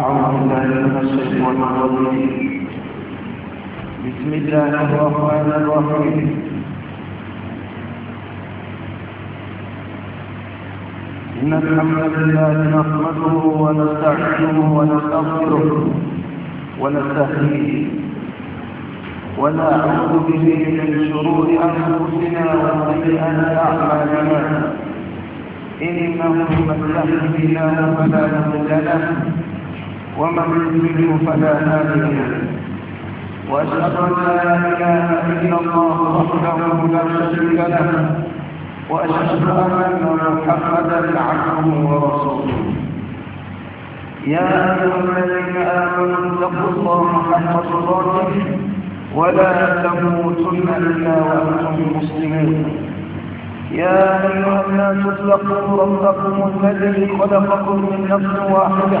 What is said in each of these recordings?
أعوذ بالله من الشيطان الرجيم بسم الله الرحمن الرحيم إن الحمد لله نحمده ونستعينه ونستغفره ونستهديه ونعوذ به من شرور أنفسنا وسيئات أعمالنا إنه من يهده الله فلا مضل له ومن يضلل فلا هادي له واشهد ان لا اله الا الله وحده لا شريك له واشهد ان محمدا عبده ورسوله يا ايها الذين امنوا اتقوا الله حق تقاته ولا تموتن الا وانتم مسلمون يا ايها الناس اتقوا ربكم الذي خلقكم من نفس واحده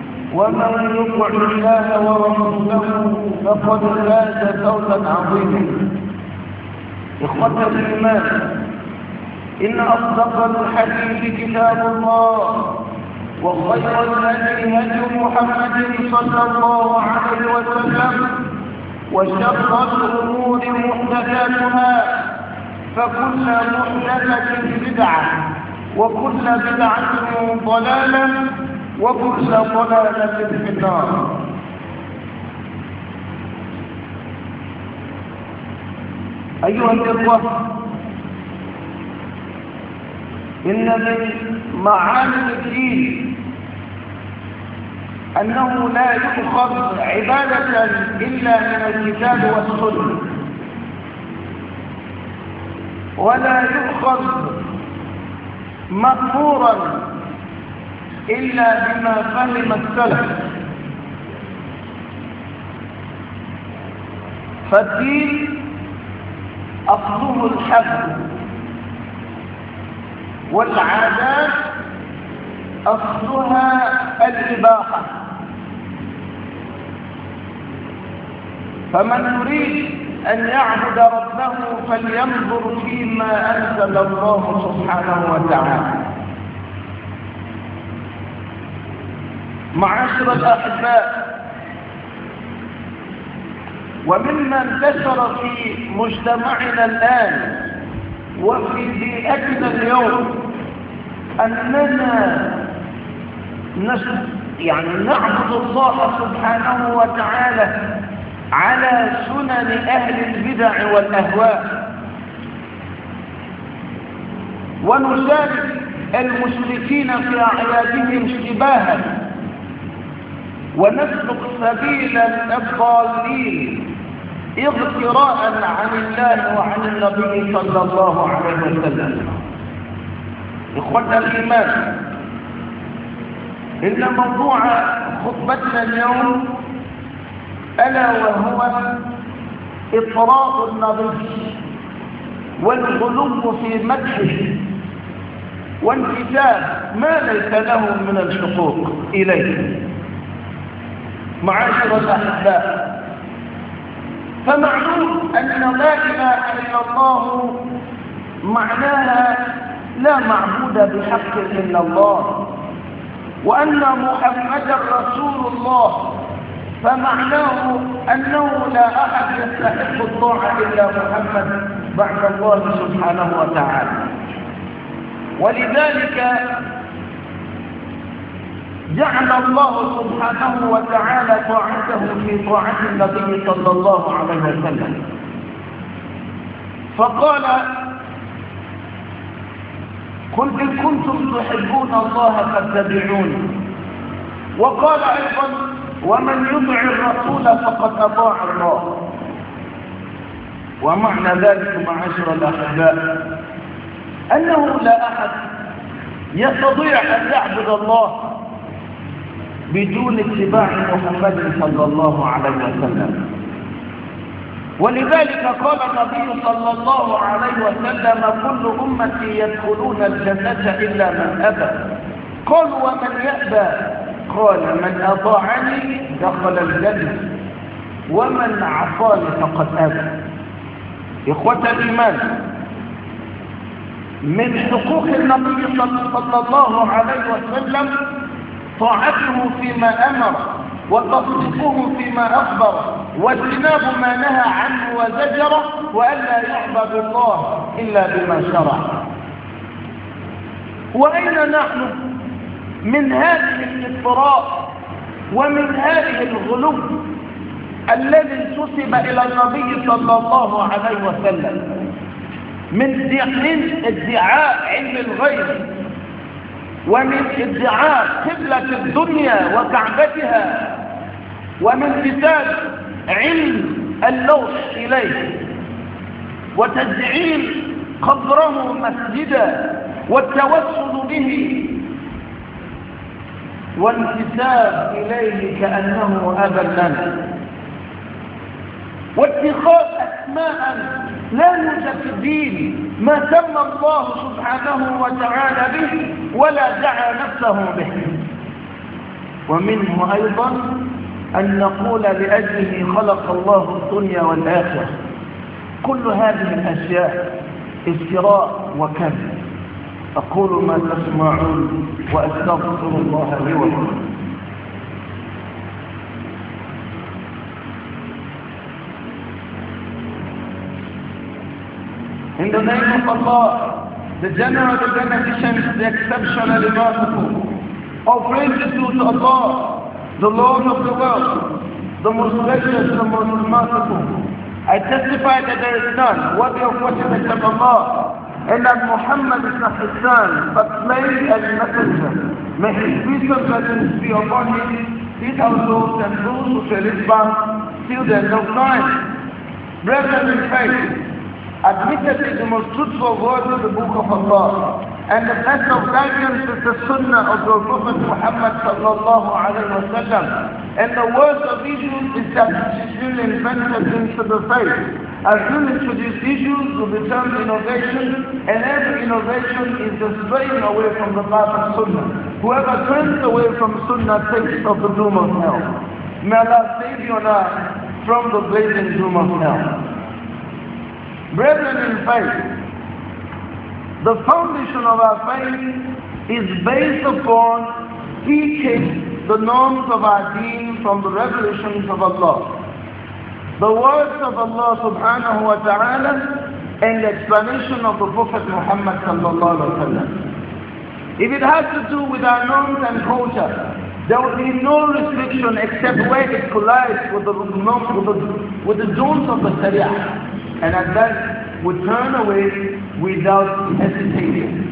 ومن يطع الله ورسوله فقد فاز فوزا عظيما إخوة الإيمان إن أصدق الحديث كتاب الله وخير الذي هدي محمد صلى الله عليه وسلم وشر الأمور محدثاتها فكل محدثة بدعة وكل بدعة ضلالة وكل ضلالة في النار أيها الإخوة إن من معاني الدين أنه لا يؤخذ عبادة إلا من الكتاب والسنة ولا يؤخذ مغفورا إلا بما فهم السلف فالدين أصله الحق والعادات أصلها الإباحة فمن يريد أن يعبد ربه فلينظر فيما أنزل الله سبحانه وتعالى معاشر الأحباء ومما انتشر في مجتمعنا الآن وفي بيئتنا اليوم أننا نشد يعني نعبد الله سبحانه وتعالى على سنن أهل البدع والأهواء ونشارك المشركين في أعيادهم شباها ونسلك سبيل الضالين اغتراء عن الله وعن النبي صلى الله عليه وسلم اخوتنا الإيمان إن موضوع خطبتنا اليوم ألا وهو إطراء النبي والغلو في مدحه وانتجاه ما ليس له من الحقوق إليه معاشر الأحباب فمعلوم أن لا إله إلا الله معناها لا معبود بحق إلا الله وأن محمدا رسول الله فمعناه أنه لا أحد يستحق الطاعة إلا محمد بعد الله سبحانه وتعالى ولذلك جعل الله سبحانه وتعالى طاعته في طاعة النبي صلى الله عليه وسلم فقال قل إن كنتم تحبون الله فاتبعوني وقال أيضا ومن يطع الرسول فقد أطاع الله ومعنى ذلك معاشر الأحباء أنه لا أحد يستطيع أن يعبد الله بدون اتباع محمد صلى الله عليه وسلم ولذلك قال النبي صلى الله عليه وسلم كل أمتي يدخلون الجنة إلا من أبى قال ومن يأبى قال من أطاعني دخل الجنة ومن عصاني فقد أبى إخوة الإيمان من حقوق النبي صلى الله عليه وسلم طاعته فيما أمر وتصديقه فيما أخبر واجتناب ما نهى عنه وزجره وألا يعبد الله إلا بما شرع وأين نحن من هذه الاضطراب ومن هذه الغلو الذي انتسب إلى النبي صلى الله عليه وسلم من ادعاء علم الغيب ومن ادعاء قبلة الدنيا وكعبتها ومن كتاب علم اللوح إليه وتزعيم قبره مسجدا والتوسل به والانتساب إليه كأنه أبا لنا واتخاذ أسماء لا يوجد في الدين ما سمى الله سبحانه وتعالى به ولا دعا نفسه به ومنه أيضا أن نقول لأجله خلق الله الدنيا والآخرة كل هذه الأشياء افتراء وكذب أقول ما تسمعون وأستغفر الله لي ولكم In the name of Allah, the general, the beneficent, the exceptionally merciful. All oh, praises due to Allah, the Lord of the world, the most gracious, the most merciful. I testify that there is none worthy of worship except Allah, and that Muhammad is not his son, but slave and messenger. May his peace and blessings be upon him, his household, and those who shall live by till the end of time. Brethren in faith, Admittedly, the most truthful word of the Book of Allah. And the best of guidance is the Sunnah of the Prophet Muhammad sallallahu alayhi wa sallam. And the worst of issues is that it is really invented into the faith. As soon as these issues will become innovation, and every innovation is a straying away from the path of Sunnah. Whoever turns away from Sunnah thinks of the doom of hell. May Allah save you and I from the blazing doom of hell. Brethren in faith, the foundation of our faith is based upon teaching the norms of our deen from the revelations of Allah. The words of Allah subhanahu wa ta'ala and the explanation of the Prophet Muhammad sallallahu alaihi wasallam. If it has to do with our norms and culture, there will be no restriction except where it collides with the, with the, with the zones of the Sharia and at that would turn away without hesitating.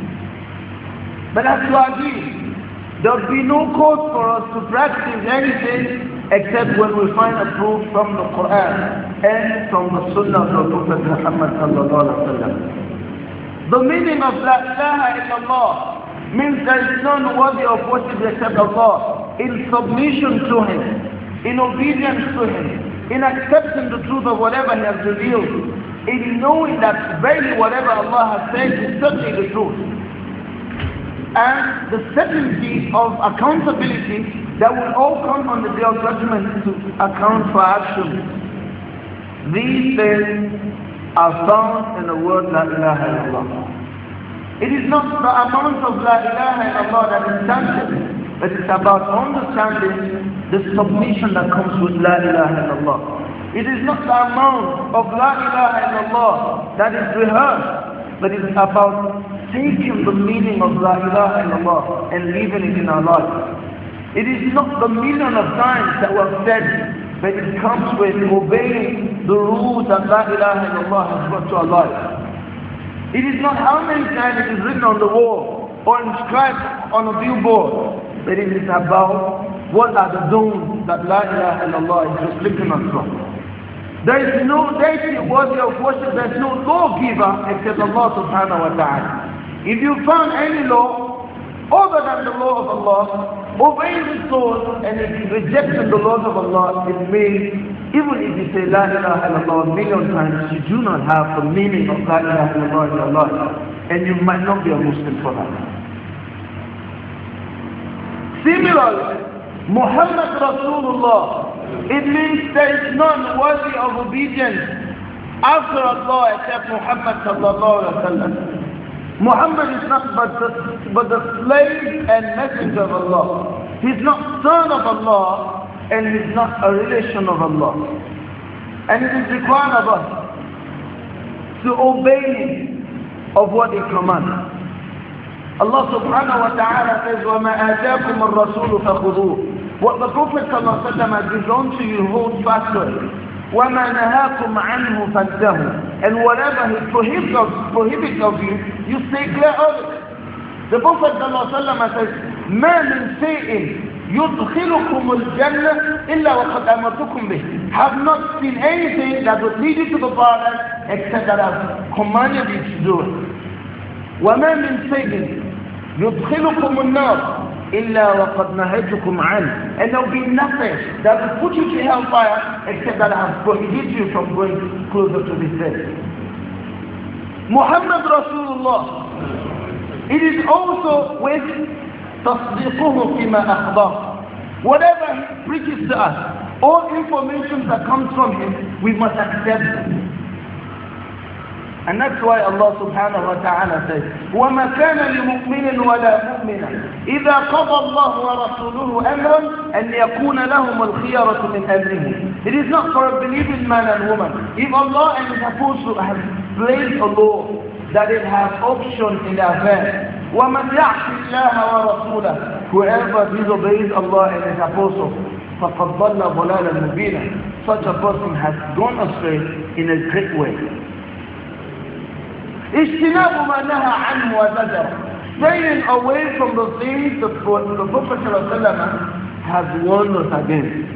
But as to our deen, there would be no cause for us to practice anything except when we find a proof from the Quran and from the Sunnah of the Prophet Muhammad sallallahu alaihi wasallam. The meaning of La ilaha illallah means there is none worthy of worship except Allah in submission to Him, in obedience to Him, in accepting the truth of whatever He has revealed, in knowing that really whatever Allah has said is certainly the truth. And the certainty of accountability that will all come on the day of judgment to account for actions. These things are found in the word La ilaha illallah. It is not the amount of La ilaha illallah that is tangible, but it's about understanding the submission that comes with La ilaha illallah. It is not the amount of La ilaha illallah that is rehearsed, but it's about taking the meaning of La ilaha illallah and living it in our life. It is not the million of times that were said, but it comes with obeying the rules that La ilaha illallah has brought to our life. It is not how many times it is written on the wall or inscribed on a billboard, but it is about what are the zones that La ilaha illallah is restricting us from. There is no deity worthy of worship. There is no lawgiver except Allah subhanahu wa ta'ala. If you found any law other than the law of Allah, obeying the soul and rejecting the laws of Allah, it means even if you say La ilaha illallah a million times, you do not have the meaning of La ilaha illallah in your life. And you might not be a Muslim for that. Similarly, Muhammad Rasulullah it means there is none worthy of obedience after Allah except Muhammad Muhammad is not but the, but the slave and messenger of Allah. He's not son of Allah and he's not a relation of Allah. And it is required of us to obey him of what he commands. Allah subhanahu wa ta'ala says, وَمَا آتَاكُمُ الرَّسُولُ فَخُذُوهُ What the Prophet ﷺ is on to you, hold fast to it. وَمَا نَهَاكُمْ عَنْهُ فَدَّهُ And whatever he prohibits of, prohibits of you, you stay clear of it. The Prophet ﷺ says, مَا مِنْ شَيْءٍ يدخلكم الجنة إلا وقد أمرتكم به have not seen anything that would lead you to the Father except that I've commanded you to do it وما من شيء يدخلكم النار إِلَّا وَقَدْ نَهَيْتُكُمْ عَنْهُ And there will be nothing that will put you to hellfire except that I have prohibited you from going closer to this death. Muhammad Rasulullah. It is also with تصديقه فِيمَا أَخْبَرُ Whatever he preaches to us, all information that comes from him, we must accept And that's why Allah subhanahu wa ta'ala says, وَمَا كَانَ لِمُؤْمِنٍ وَلَا مُؤْمِنًا إِذَا قَضَى اللَّهُ وَرَسُولُهُ أَمْرًا أَنْ يَكُونَ لَهُمُ الْخِيَرَةُ مِنْ أَمْرِهِ It is not for a believing man and woman. If Allah and His Apostle have placed a law that it has option in their hands, وَمَنْ يَعْصِ اللَّهَ وَرَسُولَهُ Whoever disobeys Allah and His Apostle, فَقَدْ ضَلَّ ضَلَالًا مُبِينًا Such a person has gone astray in a great way. اجتناب ما نهى عنه وزجر staying away from the things that the Prophet ﷺ has warned us against.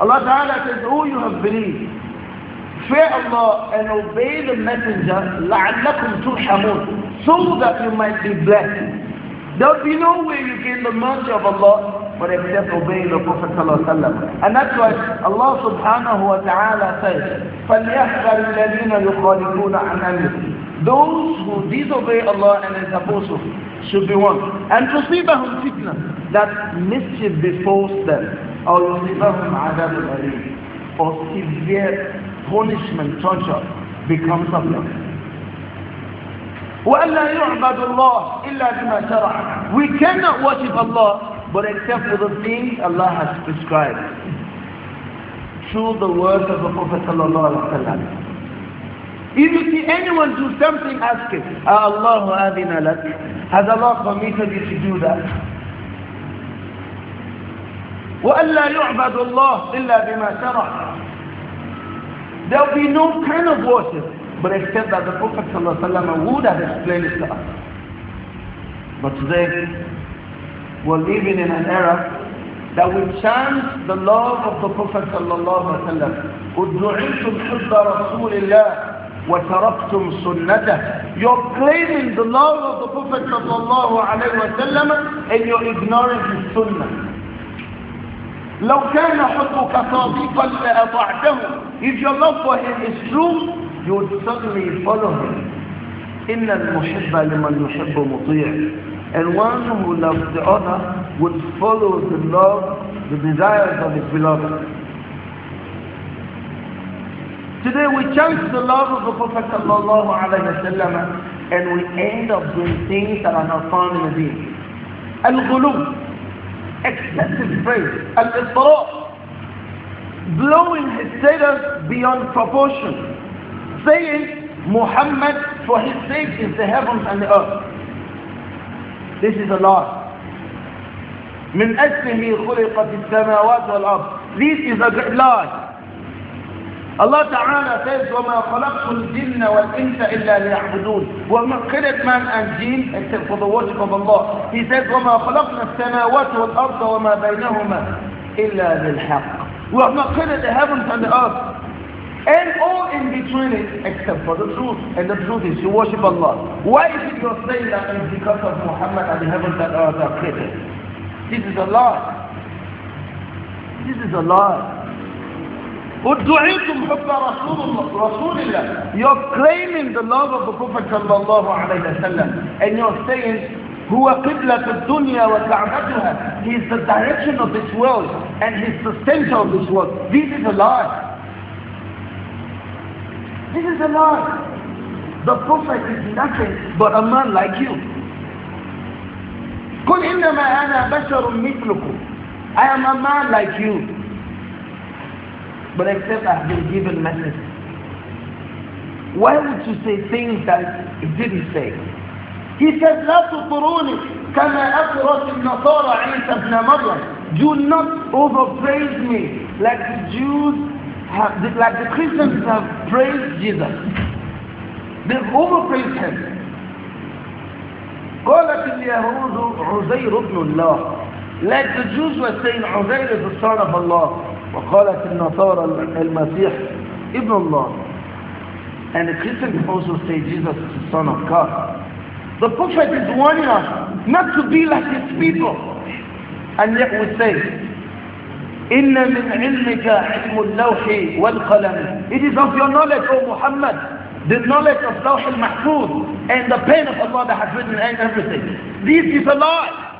Allah Ta'ala says, "Who oh, you have believed, fear Allah and obey the Messenger, لَعَلَّكُمْ تُرْحَمُونَ So that you might be blessed. There'll be no way you gain the mercy of Allah but except obeying the Prophet ﷺ. And that's why Allah subhanahu wa ta'ala says, الَّذِينَ Those who disobey Allah and His Apostle should be one. And them fitna, that mischief befalls them. Or Or severe punishment, torture becomes of them. وألا يعبد الله إلا بما شرع We cannot worship Allah but except for the things Allah has prescribed through the words of the Prophet sallallahu alaihi wasallam. If you see anyone do something, ask him, ah, Allahu adina lak. Has Allah permitted you to do that? وألا يعبد الله إلا بما شرع. There will be no kind of worship but said that the Prophet ﷺ would have explained it to us. But today, we're living in an era that we chant the love of the Prophet ﷺ. وتركتم سنته you're claiming the love of the Prophet sallallahu and you're ignoring his sunnah لو كان حبك صادقا لأطعته if your love for him is true you would suddenly follow him. إِنَّ الْمُحِبَّ لِمَنْ يُحِبُّ مُطِيعٍ And one who loves the other would follow the love, the desires of his beloved. Today we chase the love of the Prophet sallallahu alayhi wa sallam and we end up doing things that are not found in the deen. Al-ghulub, excessive praise. Al-isra, blowing his status beyond proportion. saying Muhammad for his sake is the heavens and the earth. This is a Lord. من خلق في السماوات والأرض. This is a great lie. Allah Ta'ala says وما خلقت الجن والإنس إلا ليعبدون. وما خلقت من الجن except for the He says وما خلقنا السماوات والأرض وما بينهما إلا للحق. وما خلقت the heavens and the earth And all in between it, except for the truth. And the truth is to worship Allah. Why is it you're saying that it's because of Muhammad and the heavens and earth are created? This is a lie. This is a lie. you're claiming the love of the Prophet صلى الله and you're saying هو قبلة الدنيا وكعبتها he is the direction of this world and he's the center of this world this is a lie This is a lie. The prophet is nothing but a man like you. قل إنما أنا بشر مثلكم. I am a man like you. But except I have been given message. Why would you say things that he didn't say? He said, لا تطروني كما أطرت النصارى عيسى ابن مريم. Do not overpraise me like the Jews have, like the Christians have praised Jesus. They've overpraised him. قالت اليهود عزير ابن الله like the Jews were saying عزير is the son of Allah وقالت النصارى المسيح ابن الله and the Christians also say Jesus is the son of God the prophet is warning us not to be like his people and yet we say إن من علمك علم اللوح والقلم It is of your knowledge, O Muhammad, the knowledge of Lawh al-Mahfuz and the pen of Allah that has written and everything. This is a lie.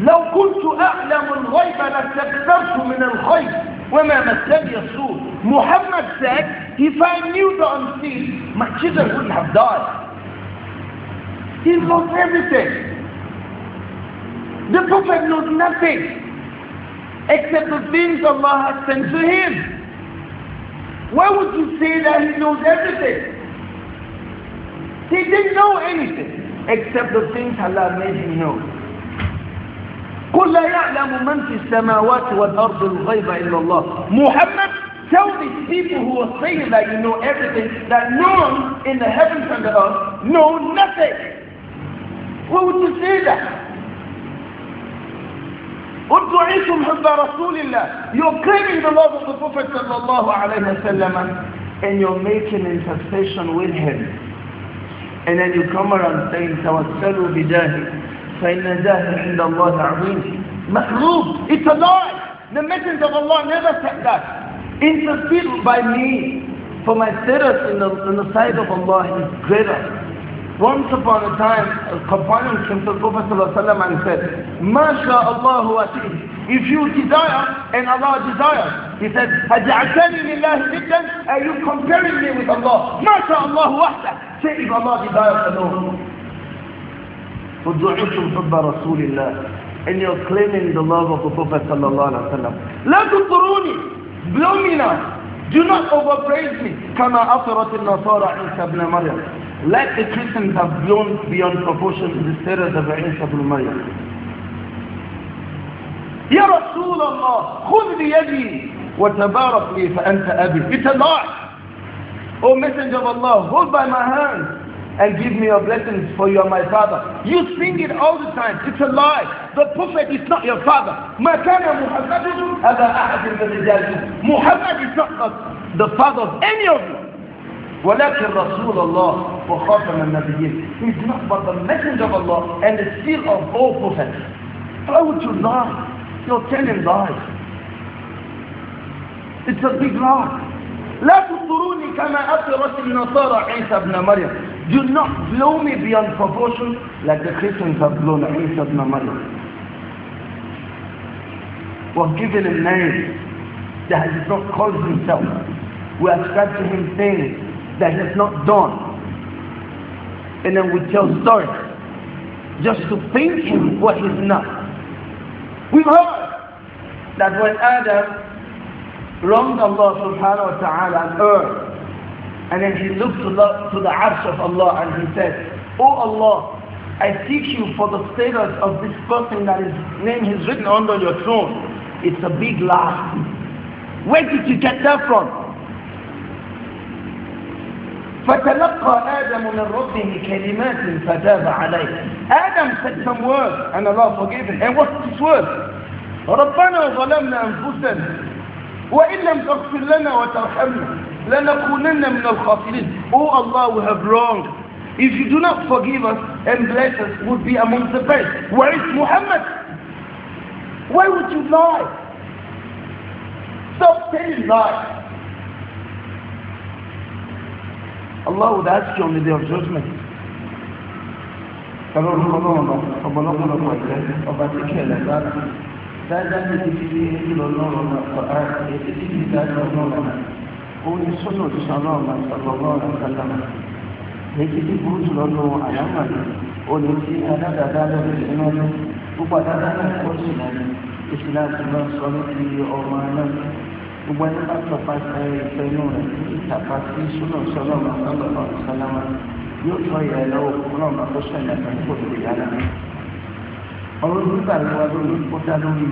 لو كنت أعلم الغيب لاستكثرت من الخير وما مسني السوء Muhammad said, if I knew the unseen, my children wouldn't have died. He knows everything. The Prophet knows nothing except the things Allah has sent to him. Why would you say that he knows everything? He didn't know anything except the things Allah made him know. قل لا يعلم من في السماوات والأرض الغيب إلا الله Muhammad tell these people who are saying that you know everything that no one in the heavens and the earth know nothing why would you say that ادعيتم حب رسول الله you're claiming the love of the Prophet صلى الله عليه وسلم and you're making intercession with him and then you come around saying توسلوا بجاهه فإن جاهه عند الله عظيم مخلوق it's a lie the messenger of Allah never said that intercede by me for my status in the, in the sight of Allah is greater Once upon a time, a companion came to the Prophet ﷺ and said, MashaAllah wa If you desire and Allah desires, he said, the last نِدًّا Are you comparing me with Allah? MashaAllah wahda. Say if Allah desires alone. the حُبَّ رَسُولِ اللَّهِ And you're claiming the love of the Prophet ﷺ. لَا تُطْرُونِي Blow me now. Do not overpraise me. كَمَا أَطْرَتِ النَّصَارَ عِسَى بْنَ مَرْيَمَ let the Christians have blown beyond proportion the status of Isa ibn Maryam. يا رسول الله خذ بيدي وتبارك fa anta أبي It's a lie. O messenger of Allah, hold by my hand and give me your blessings for you are my father. You sing it all the time. It's a lie. The prophet is not your father. Muhammad is not the father of any of you. ولكن رسول الله وخاتم النبيين is not but the messenger of Allah and the seal of all prophets. How would you lie? You're telling lies. It's a big lie. لا تطروني كما أطرت النصارى عيسى بن مريم. Do not blow me beyond proportion like the Christians have blown عيسى ابن مريم. was given a name that he not called himself. We have said to him things that has not done. And then we tell stories just to paint him what he's not. We've heard that when Adam wronged Allah subhanahu wa ta'ala on Earth, and then he looked to the, to the arsh of Allah and he said, O oh Allah, I seek you for the status of this person that his name is written under your throne. It's a big lie. Where did you get that from? فتلقى آدم من ربه كلمات فتاب عليه آدم said some words and Allah forgave him and what's his word ربنا ظلمنا أنفسنا وإن لم تغفر لنا وترحمنا لنكونن من الخاسرين Oh Allah we have wronged If you do not forgive us and bless us we'll be among the best Where is Muhammad? Why would you lie? Stop telling lies Allah would ask you on the day of judgment. Ẹ̀rọ ọlọ́run ọ̀nà ọ̀pọ̀lọpọ̀ ọ̀pọ̀ ẹ̀jẹ̀ ọba tí kẹlẹ̀ bá ti dáadáa ní ti fi ìlú ọlọ́run ọ̀pọ̀ ààrẹ ti fi dáadáa ọlọ́run ọ̀nà. Ó ní sọ́nà òṣìṣẹ́ ọlọ́run àti ọlọ́run ọ̀sálàmù. Èyí ti burú jùlọ lọ àyàmà ni ó lè ti adáadáa lọ́dún ìṣúná ní púpọ̀ adáadáa náà kọ́ sí ìlànà ìṣúná ti máa gbogbo ẹni bá tọpa sẹ́yìn ìfẹ́nu rẹ̀ ìtàpá sí súnà sọlọ́mọ sọlọ́mọ sọlọ́mọ yóò tọ́ ìyá ẹ lọ́wọ́ fúnlọ́mọ tó sọ̀yìn àti kò tó yá lẹ́nu. ọ̀rọ̀ nígbà wo lórí kó dá lórí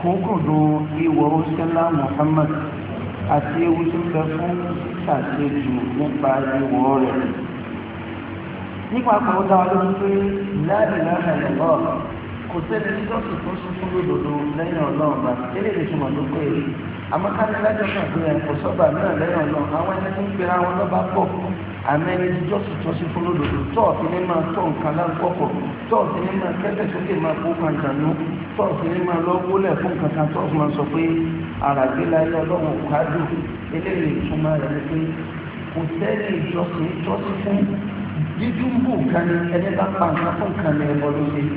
kókòdó ìwọ̀ sẹ́lá Muhammad àti ewu tó fẹ́ fún ṣàṣejù nípa ìwọ̀ rẹ̀. nípa àpò ó dá wa lórí pé láàrin náà kò sẹ́ni ní dọ́kítà tó ṣubú lódodo lẹ́yìn ọlọ́run bá eré lè túmọ̀ ló pé rí amọ́kánilájọ́ kan fi hàn kò sọ́ba náà lẹ́yìn ọlọ́run àwọn ẹni tó ń pera wọn lọ́ba pọ̀ àmọ́ ẹni tí dọ́kítà tó ṣubú lódodo tọ́ọ̀tì ní máa tọ́ nǹkan lágbọ́pọ̀ tọ́ọ̀tì ní máa kẹ́kẹ́ sókè máa kó kàǹkànú tọ́ọ̀tì ní máa lọ wólẹ̀ fún kankan tọ́ọ̀tì máa sọ pé àràgbélayé ọlọ́run kádùn eléyìí túmọ̀ rẹ̀ ni pé kò sẹ́ni ìjọsìn ìjọsìn fún dídúmbò kan ẹni bá pa nǹkan fún kan ní ẹbọ lóṣèlú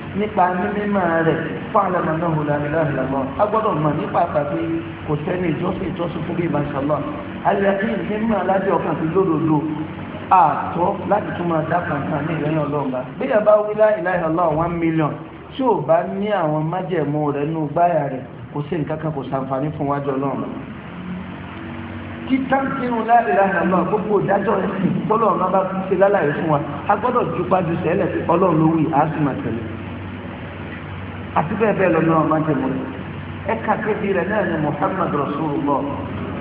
nípa mímímọ́ rẹ̀ fún àlàmà náà hùlà nílànìlàmọ́ a gbọ́dọ̀ mọ̀ nípa pàtó kò sẹ́ni ìjọsìn ìjọsìn fún bí ìbáṣọlọ́ alẹ́kí mímọ́ aládé ọkàn ti lódodo àtọ́ láti tún máa dákan kan ní ìrẹ́yìn ọlọ́ọ̀ba bí ẹ bá wí láì láì ọlọ́ọ̀ one million tí ò bá ní àwọn májẹ̀mú rẹ̀ nù gbáyà rẹ̀ kò sí nǹkan kan kò sàǹfààní fún wájú ọlọ́run títà nínú láìláìlá náà gbogbo ìdájọ́ ẹ̀sìn tọ́lọ́run bá bá ṣe láláyé fún wa a gbọ́dọ̀ ju pàjù sẹ́lẹ̀ ọlọ́run ló wí àti bẹ́ẹ̀ bẹ́ẹ̀ lọ́nà ọmọ jẹ mọ́ ẹ̀ka kejì rẹ̀ náà ni muhammad rasulullah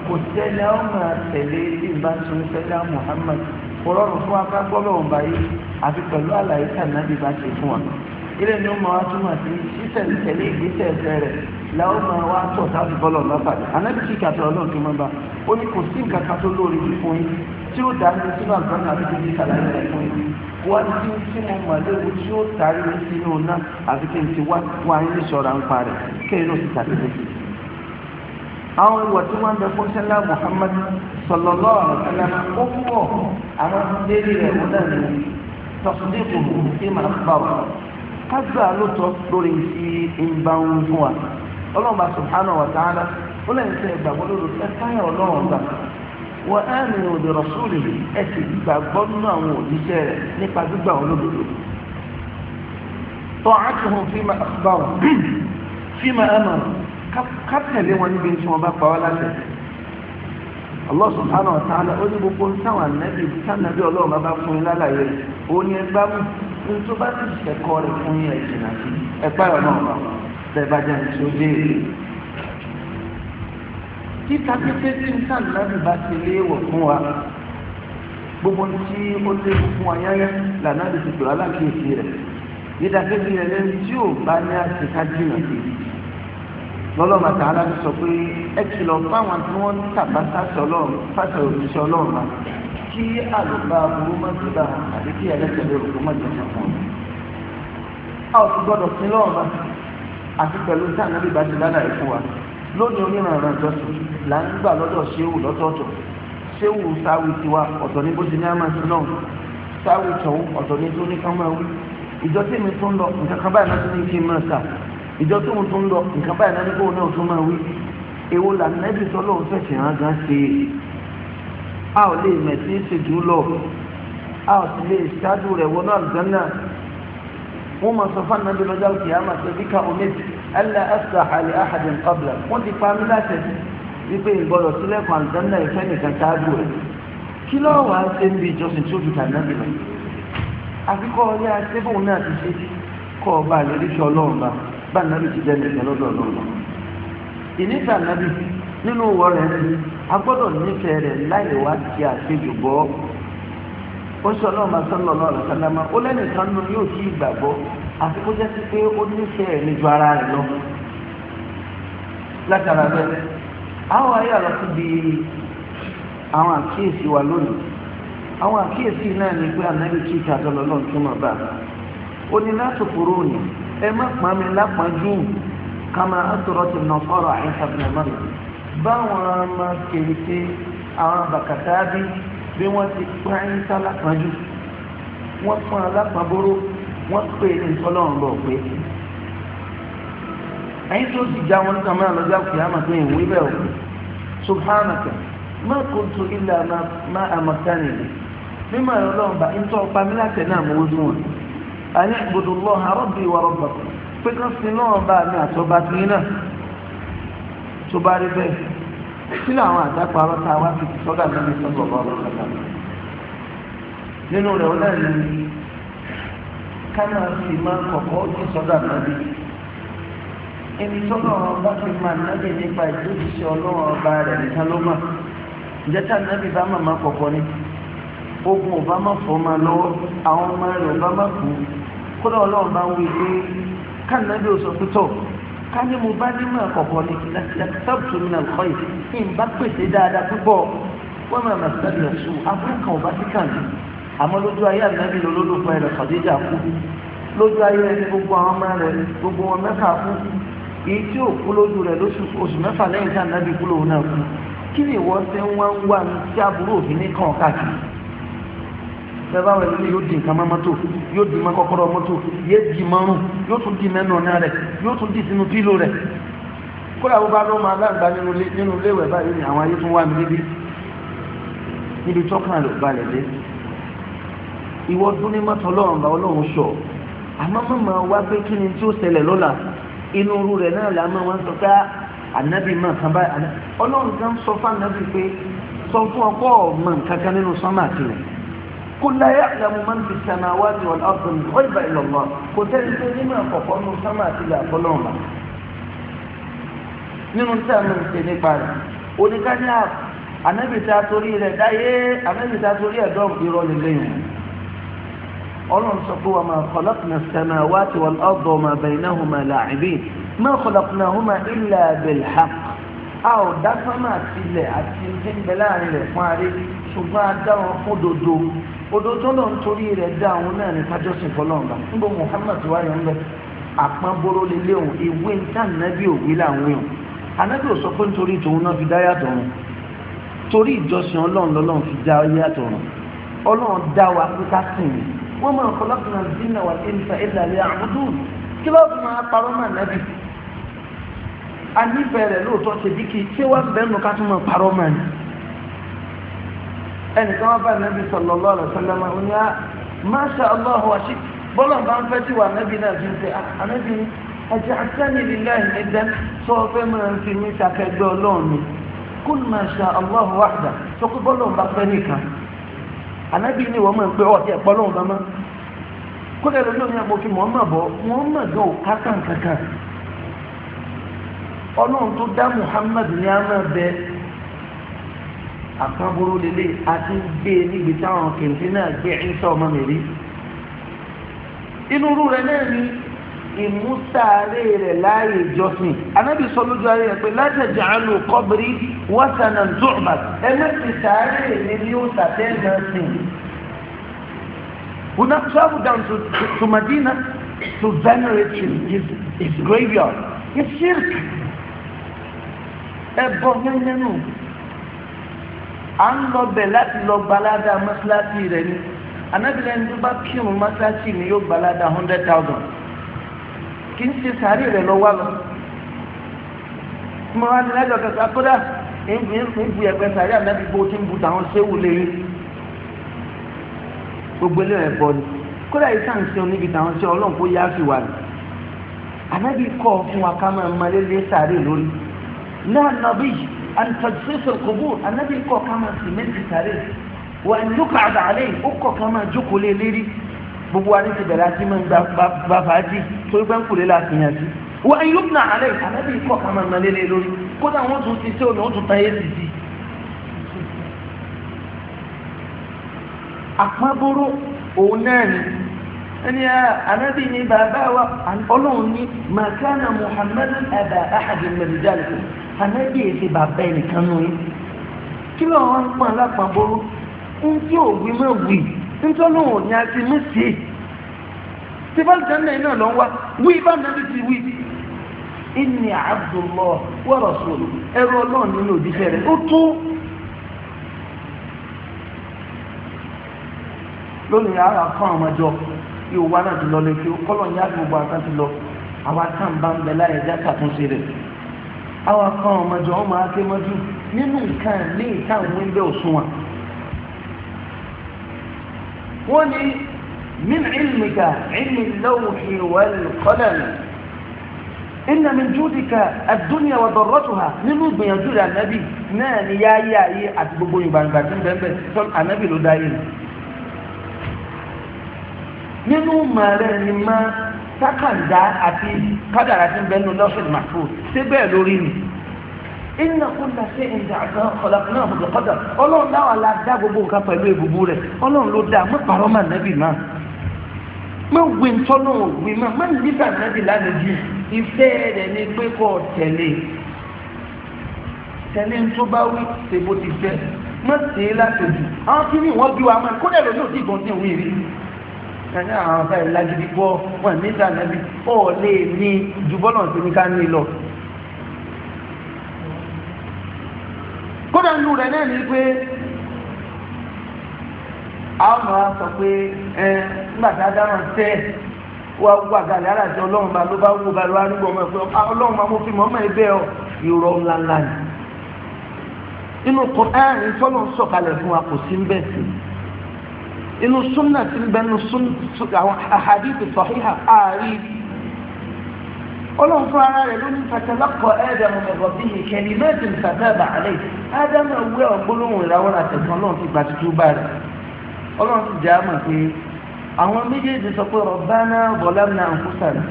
kò tẹ́lẹ̀ ọmọ tẹ̀lé tí n bá tún tẹ́lẹ̀ muhammad kọlọ́run fún aká gbọ́dọ̀ ọ̀nba yìí àti pẹ̀lú àlàyé kànáàbí bá ṣe fún wa ilé ni ó máa wá túmọ̀ sí sísẹ̀ntẹ̀lé ìgbésẹ̀ ẹ̀fẹ́ rẹ̀ la ó máa wá tọ̀ sáfì bọ́lọ̀ lọ́pàdé anábìkí kàtọ́ ọlọ́run tó ó ní kò sí nǹkan kan tó lórí fún yín tí ó darí ní sínú àgbọ̀n náà àti bíbí sàlàyé rẹ̀ fún yìí wá tí tí mo mọ̀ léwu tí ó darí sínú náà àti kí n ti wá wá yín ní sọ̀rọ̀ àwọn ìwà tí wọ́n bẹ fún sẹ́lá Muhammad sallallahu alaihi wasallam ó pọ̀ àwọn rẹ̀ wọ́n náà sí lórí ti ń bá ń fún wa subhanahu wa wọ́n á ní òde rọ̀súlì ẹ sì gbàgbọ́ nínú àwọn òjíṣẹ́ rẹ̀ nípa gbígbà wọn lódodo. tọ́ àtúnhùn wọn níbi tí wọ́n bá pa wá láti. Allah ó ní gbogbo táwọn sànàbí ọlọ́run bá fún yín lálàyé ó ní ní tó bá ti fún yín títa pípé tí nǹkan náà bá ti léèwọ̀ fún wa gbogbo tí ó léwu fún wa yẹ́rẹ́ lànà lè ti pèrò aláàkíyèsí rẹ̀ nídàkejì rẹ̀ lẹ́nu tí ò bá ní àṣekà jìnnà sí lọ́lọ́mà tààlà ti sọ pé ẹ kìlọ̀ fáwọn tí wọ́n ń tàbá sáṣọ lọ́run fáṣọ òṣìṣẹ́ ọlọ́run náà kí àlùbá burú má ti bá àti kí ẹlẹ́sẹ̀ lè rògbò má jẹ́ fún un. a ò sì gbọ́dọ̀ sí lọ́run náà àti pẹ̀lú sáà náà bí bá ti lálàyé fún wa lónìí onírànràn ìjọsìn là ń gbà lọ́dọ̀ ṣéwù lọ́tọ̀ọ̀tọ̀ ṣéwù sáwì tiwa ọ̀tọ̀ ní bó ti ní àmà sí náà sáwì tọ̀hún ọ̀tọ̀ ní tó ní ká máa wí ìjọ tí mi tún lọ nǹkan kan báyìí náà tún ní kí n máa kà ìjọ tó ń tún lọ nǹkan báyìí náà ní kóun náà tún máa wí èwo làmì nẹ́bí sọ́lọ́ ń fẹ̀sẹ̀ hàn gan ṣe a ò lè mẹ̀sí ìṣèjú lọ a ò sì lè ṣáájú rẹ̀ wọnú àlùjánnà wọ́n máa sọ fún ànábì lọ́jọ́ àti àmà tẹ̀síkà omi ẹlẹ́ ẹ̀sàhà lè àhàdìn ọ̀bìlà wọ́n ti pa láti wípé ìgbọ́dọ̀ sílẹ̀kùn àlùjánnà ìfẹ́ nìkan ṣáájú ẹ̀ kí ló wà ń bí ìjọsìn tó fi tànà bìlẹ̀ àfikọ́ ọ̀rẹ́ ṣe kọ́ ọba ti jẹ́ nìkan lọ́dọ̀ àti kó jẹ́ sí pé ó nífẹ̀ẹ́ ẹ̀mí ju ara rẹ̀ lọ látara bẹ́ẹ̀ àwọn ayé àlọ́ ti di àwọn àkíyèsí wa lónìí àwọn àkíyèsí náà ni pé ànábì kí ìta àtọ́lọ́ náà tún mọ̀ bá ó ní láti kúrò ní ẹ má pọ́n mi lápọ́njú kama atọ́rọ́ ti nà fọ́rọ̀ àyẹ̀fà bìnnà mọ́rẹ̀ báwọn ọmọ kèrèké àwọn bàkàtà bí bí wọ́n ti pọ́n àyẹ̀fà lápọ́njú wọ́n pọ́n alápọ́nbóró. wọ́n pè ní ìtọ́lọ́run bọ̀ pé ẹ̀yin tó ti já wọn kàn máa lọ́jọ́ àkùyà máa tó ìwé bẹ́ẹ̀ o subhanaka má kó tó ilé má àmọ̀tánì rẹ̀ ẹ̀rọ bá ń tọ́ ọ̀pá mi láti ojú wọn àní pé kán náà bá mi àtọ́ba tó bá rí bẹ́ẹ̀ wá fi ká máa fi kọ̀kọ́ ti sọ́dọ̀ ànábì ẹni sọ́dọ̀ ọba fi máa nábì nípa ìdókòsí ọlọ́run ọba rẹ̀ nìkan ló mà ìjẹ́ta nábì bá màmá kọ̀kọ́ ni ogun ọba má fọ́ máa lọ́wọ́ àwọn ọmọ rẹ̀ ọba má kú kódà ọlọ́run bá wí pé ká nábì ò sọ pé tọ̀ ká mo bá ní kọ̀kọ́ ni kí n bá pèsè dáadáa púpọ̀ wọ́n máa máa àmọ́ lójú ayé ànábì lólólùfẹ́ rẹ̀ Khadija kú lójú ayé rẹ̀ ní gbogbo àwọn ọmọ rẹ̀ gbogbo wọn mẹ́fà kú èyí tí ò kú lójú rẹ̀ lóṣù oṣù mẹ́fà lẹ́yìn tí ànábì kú lòun náà kú kí ni ìwọ ṣe ń wá ń wá ní tí aburú òfin ní kàn káàkiri bẹ́ẹ̀ wẹ̀ ní yóò di nǹkan mọ́ mọ́tò yóò di mọ́ kọ́kọ́rọ́ mọ́tò yóò di mọ́rùn yóò tún di mẹ́nu ọ̀nà rẹ̀ yóò tún di sínú pílò rẹ̀ kódà bó bá lọ́mọ aláǹgbá nínú iléèwẹ̀ báyìí ni àwọn ayé tún wà mí níbi tọ́kàn rẹ̀ balẹ̀ lé ìwọ dún ní mọ́tò ọlọ́run bá ọlọ́run sọ àmọ́ mọ̀mọ́ wá pé kí ni tí ó ṣẹlẹ̀ lọ́la inú irú rẹ̀ náà là máa ń sọ pé ànábì mọ̀ kan bá ọlọ́run kan sọ fún ànábì pé sọ fún ọkọ ọmọ nǹkan kan nínú sánmà tilẹ̀ kó láyé àlàmú máa ń fi sàmà wá ní ọ̀la ọ̀gbìn ó ìbá ìlọ̀gbọ̀n kò sẹ́ni tó nínú àkọ́kọ́ nínú sánmà tilẹ̀ àfọlọ́run bá nínú tí a máa ń ṣe nípa rẹ̀ oníkájà ànábì ta torí rẹ̀ dáyé ànábì ta torí ẹ̀dọ́ ìrọ̀lẹ́ ọlọ́run sọ pé wa ma khalaqna as-samawati wal-arda wa ma baynahuma la'ibin ma khalaqnahuma illa bil-haqq a ò dá sánmà tilẹ̀ àti ní bẹ láàrin rẹ̀ fún aré ṣùgbọ́n a dá wọn fún dodo òdodo náà ń torí rẹ̀ dá àwọn náà ní kájọ́sìn fọlọ́ọ̀gbà níbo Muhammad wáyé ń bẹ àpọ́nbóró lélẹ̀ òun ìwé ntànàbí òwe làwọn èèyàn anábì ò sọ pé nítorí tòun náà fi dá yàtọ̀ rùn torí ìjọsìn ọlọ́run lọ́lọ́run fi dá yàtọ̀ rùn ọlọ́run dá wa pé sìn mí wọ́n máa kọ́ lọ́kùnrin àdínà wà ní ìfẹ́ ilẹ̀ àlẹ́ àbúdù kí lọ́ọ̀tù máa parọ́ mọ́ ànábì a nífẹ̀ẹ́ rẹ̀ lóòótọ́ ṣe bí kí ṣé wọ́n bẹ̀rù ká tún máa parọ́ mọ́ ẹni. ẹnì kan wọ́n bá ànábì sallallahu alaihi wasallam ó ní ah, masha Allah wa shi bọ́lá bá ń fẹ́ tí wà ànábì náà fi ń fẹ́ ah, ànábì ẹ̀jẹ̀ àtẹ́ni lillahi ẹ̀dá sọ anabi ni wọ́n mọ̀ pé ọ̀tí ẹ̀pọ́ lóhùn gan mọ́ kódà lójú mi àpò fi wọ́n mọ̀ bọ́ wọ́n mọ̀ gan ò kákàn kankan ọlọ́run tó dá Muhammad ní àmà bẹ àpapọ̀rọ̀ lélẹ̀ àti gbé e níbi táwọn kìntìnnà gbé ẹ̀ńsọ̀ ọmọ mi rí inú rú rẹ náà ni ìmúsàárè rẹ̀ láàyè ìjọsìn anábì sọ lójú ayé rẹ̀ pé látẹ̀jà á lò kọ́bìrì wọ́sànà zọ́ọ̀mà ẹlẹ́sìn sàárè mi ni ó sàtẹ́ẹ̀dá sí i. we now travel down to, to, to Medina to venerate him, his, his graveyard. It's shirk. Ẹ̀bọ̀ nínú à ń lọ bẹ̀ láti lọ gbalada mọ́sálásí rẹ̀ ni. Anábìlẹ̀ ń dúpá kírun ni yóò gbalada hundred thousand kì í ṣe sàárì rẹ̀ lọ wá lọ mo wá ní lẹ́jọ́ kẹta kódà ìbú ẹgbẹ́ sàárì ànábì bó ti ń bu tàwọn séwù lérí gbogbo ilé ẹ̀bọ ni kódà yìí sàn ṣe níbi tàwọn ṣe ọlọ́run kó yá fi wà ní ànábì kọ́ fún wa ká máa ma lé lé sàárì lórí náà nàbí àtàkùsẹ́sẹ̀ kòbó ànábì kọ́ ká máa sì méjì sàárì wà ní lókàdà àlẹ́ ó kọ́ ká máa jókòó lé lérí gbogbo wa ní ti bẹ̀rẹ̀ àti máa ń gba fàájì torí pé ń kùlé la fi hàn sí. wà á yóò nà alẹ́ ànábì kọ́ ká máa nàlé lé lórí kódà wọ́n tún ti sí ọ̀nà wọ́n tún tan yé sisi. àpábóró òun náà ni ẹni ah, ànábì ni bàbá wa ọlọ́run ní màkánà muhammadu abba ahadi mẹ́rìndínlẹ́ ànábì èsì bàbá ẹnìkan nù yín kí ló ń pọn alápàbóró ń tí òwì mọ̀ wì. ntọ́lọ́wọ̀n ni a ti mú sí i tí bá jẹ́nà iná lọ wá wí bá ti wí ìní Abdullah wa rasuluhu ẹrú ọlọ́run nínú òjíṣẹ́ rẹ̀ ó tó lónìí ara fún àwọn yóò wá náà ti lọ lẹ́kí kọ́lọ̀ ní àgbègbè àtàn ti lọ àwọn àtàn bá ń bẹ láyé ẹja ṣàtúnṣe rẹ̀ àwọn afọ́n ọmọjọ ọmọ akémọ́jú nínú nǹkan ní ìtàn wíńdẹ́ òṣùwọ̀n wọ́n ní min ilmika ilmi lawhi wal qalam inna min judika ad-dunya wa darratuha nínú ìgbìyànjú rẹ̀ ànábì náà ni yá ayé ayé àti gbogbo ìgbàgbà tí ń bẹ́ẹ̀ bẹ́ẹ̀ sọ ànábì ló dá yìí nínú màálẹ̀ ni máa sákàndá àti kádàrà tí ń bẹ́ẹ̀ nínú lọ́sìn màfò ṣé bẹ́ẹ̀ lórí ni inna kulla shay'in dàgbà khalaqnahu bi qadar ọlọ́run dáwà la dá gbogbo nǹkan pẹ̀lú ìbùbù rẹ̀ ọlọ́run ló dá mẹ́pàrọ́ mà nẹ́bì náà mẹ́ wé ntọ́nà òwe mẹ́ mẹ́ nígbà nẹ́bì lánàá ju ìfẹ́ rẹ̀ ni pé kọ́ tẹ̀lé tẹ̀lé tó bá wí tèbó ti fẹ́ mẹ́ tẹ̀ é láti jù àwọn kí ni wọ́n bí wa mọ́ kódà lónìí ò tí ìgbọ̀n tí òun yìí kanyẹ àwọn afẹ́ lágídí gbọ́ wọn níta nàbí ọ̀ lé ní ju bọ́lọ̀ sí ní ká ní lọ kódà nínú rẹ̀ náà ní pé a máa sọ pé ẹ nígbà tá a dáná tẹ́ wá wú àgàlẹ̀ aláṣẹ ọlọ́run bá ló fi mọ́ ọmọ ẹ bẹ́ẹ̀ ọ ìrọ̀ ńláńlá ni inú Qur'an ìtọ́nà sọ̀kalẹ̀ fún wa kò sí ń bẹ́ẹ̀ sí inú ti ń bẹ́ẹ̀ nu sún àwọn ọlọ́run fún ara rẹ̀ ló ní fatalaqqa ádámù min rabbihi kalimatin fataba alayhi ádámù wẹ́ ọgbọ́lóhùn ìràwọ̀ àtẹ̀kọ́ ọlọ́run ti gbà tuntun bá rẹ̀ ọlọ́run ti jà á mọ̀ pé àwọn méjèèjì sọ pé rabbana zalamna anfusana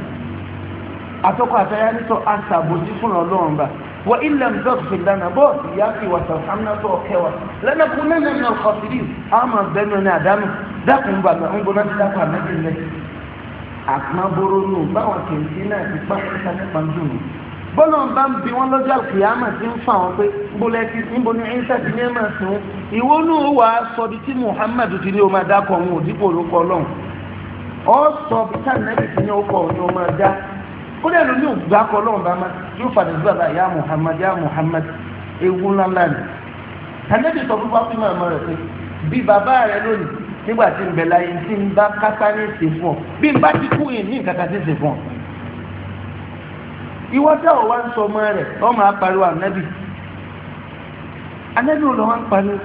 atọ́kọ̀ àtayá nítọ́ aṣàbòsí fún ọlọ́run bá wa ilẹ̀ ǹdọ́gbìn lana bọ́ọ̀sì ìyá fi wà sàmúnà tó ọ̀kẹ́wà lẹ́nàkú lẹ́nà ní ọkọ̀ sílíù àmọ̀ bẹ́ẹ̀ ní àdánù dákùn bàbá ń gbóná ti dákùn àmẹ́bí lẹ́yìn àpamọ́bóró nù báwọn kìntì náà ti pa nípa nípa dùn. bọ́lá bá ń bi wọ́n lọ́jọ́ àkìyàmà ti ń fà wọ́n pé ńbọ̀lẹ́tì ńbọ̀ni ẹ̀ńsà ti ní ẹ̀mà sùn ìwọ náà wà á sọ di tí Muhammadu ti ní o máa dákọ̀ òun ò dípò orúkọ Ọlọ́run ọ sọ bí sànẹ́bì ti ní orúkọ òun o máa dá kódà ló ní ògbákọ̀ Ọlọ́run bá má yóò fàdé sí bàbá ya Muhammad Muhammad ewu ńlá ńlá ni sànẹ́bì sọ fún bá fún màmá rẹ̀ pé bí nígbà tí ń bẹ láyé tí ń bá kápá ní ìsè fún ọ bí ń bá ti kú yìí ní ìkàkà sí ìsè fún ọ. ìwọ tí àwọn wa ń sọ ọmọ rẹ ọmọ apariwo ànábì ànábì ò lọ wá ń pariwo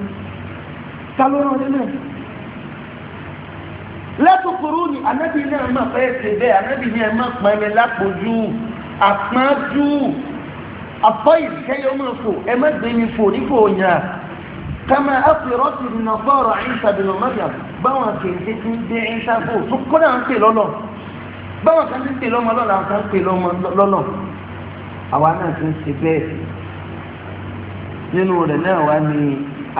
ta ló rán nílẹ̀ lẹ́tùkúrú ni ànábì ní ẹ̀ máa fẹ́ ṣe bẹ́ẹ̀ ànábì ní ẹ̀ máa pọn ẹni lápòjú àpọ́njú àfọ́ ìṣẹ́yọ́ máa fò ẹ má gbé mi fò nípò yàn kama afirọ́tì nà bọ́ọ̀rọ̀ àyíṣà bìnnà báwọn kèéjì ti ń dé ìṣàkó tó kọ́dà ń pè lọ́lọ́ báwọn kan ti ń pè lọ́mọ lọ́la kan ń pè lọ́mọ lọ́lọ́ àwa náà ti ń ṣe bẹ́ẹ̀ nínú rẹ̀ náà wá ní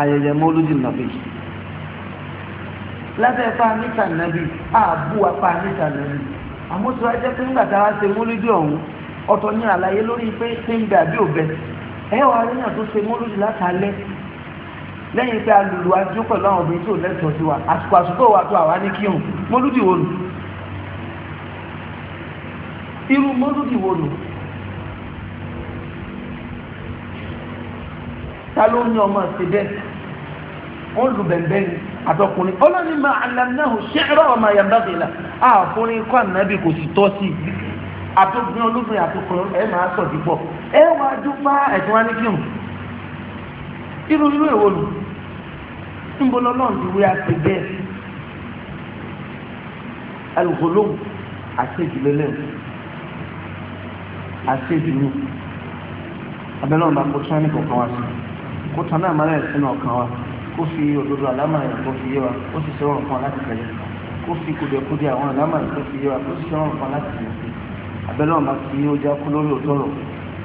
ayẹyẹ mọ́lúdì nàbí lábẹ́ pa níta nàbí àbú apá níta nàbí àmúṣe wa jẹ́ pé nígbà tá a ṣe mọ́lúdì ọ̀hún ọ̀tọ̀ ní àlàyé lórí pé ṣé ń gbà bí òbẹ ẹ̀ wà lẹ́yìn àtúnṣe mọ́lúdì látàlẹ́ lẹ́yìn pé alùlù pẹ̀lú àwọn obìnrin tí ò lẹ́tọ̀ọ́ sí wa àsìkò àsìkò wa tó àwa ní irú ta ló ní ọmọ sebe bẹ́ẹ̀ lu bẹ̀m̀bẹ̀ ni àtọkùnrin ọlọ́ni máa alàmúnáhùn ṣẹ́ẹ̀rọ ọmọ yàmbáfẹ́lá àfúnrin kọ́ ànábì kò sì tọ́ sí i ẹ máa sọ̀ dípọ̀ ẹ wá dúpá ní irú irú èwo nù. níbo lọ́lọ́run ti wí àti bẹ́ẹ̀ alùpùpù àṣejùlélẹ̀ àṣejùlù abẹ́lẹ́ ọ̀nà kò sani kankan wá sí kó tán náà máa rẹ̀ sínú ọ̀kan wa kó fi òdodo àlámà rẹ̀ kó fi yé wa ó sì ṣe ọ̀rọ̀ kan láti tẹ̀lé kó fi kùdìẹ̀kudì àwọn àlámà rẹ̀ kó fi yé wa ó sì ṣe ọ̀rọ̀ kan láti tẹ̀lé abẹ́lẹ́ ọ̀nà kì í ó já kú lórí òótọ́ rọ̀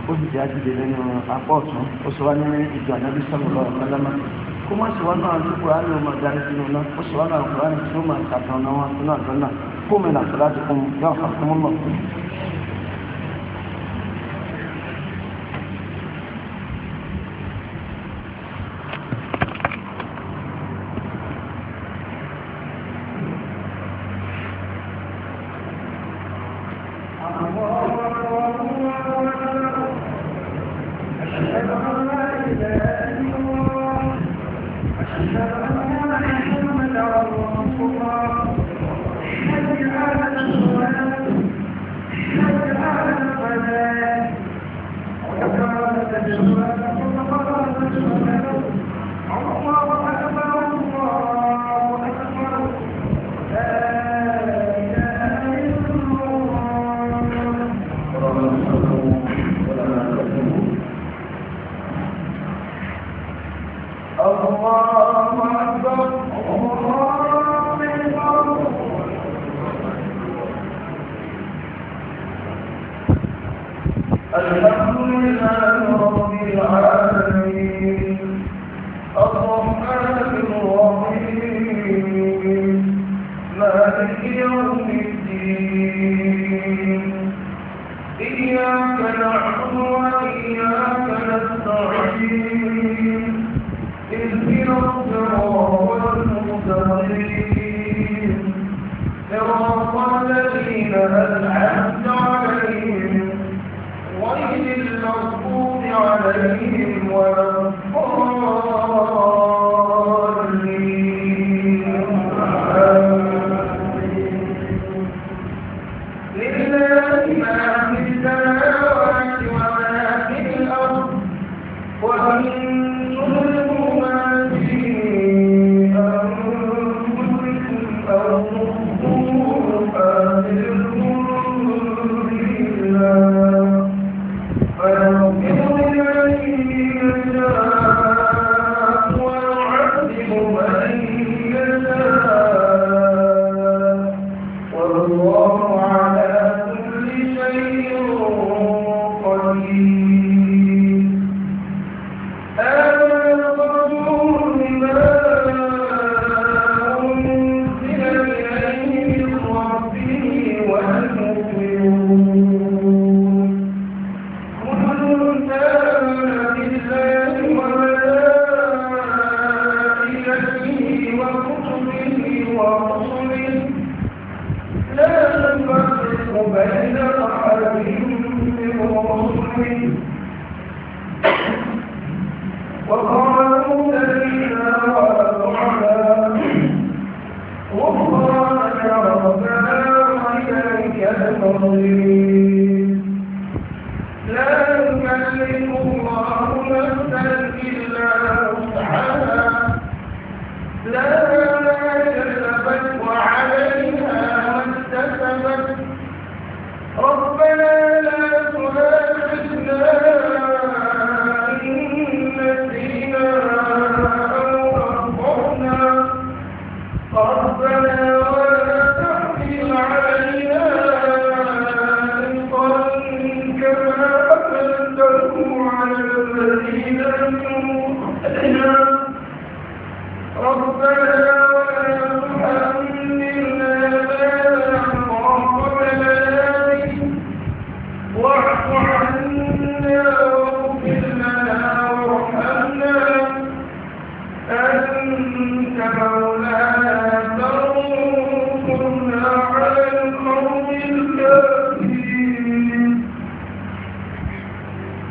ó sì jẹ́ àjíjẹ lẹ́nu apá ọ̀tún ó sì wá ní ìjọ ànábì sọ́mù lọ́wọ́ kó má ṣe wá náà ní kúránì ọmọ ìdarí sínú náà ó ṣe wá náà kúránì tí ó máa ṣàtàn náà wọn sínú àjọ náà kó mẹ́rin ti fún un yóò fà fún ورسوله لا نفرق بين أحد من رسله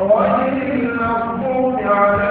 غير المغضوب عليهم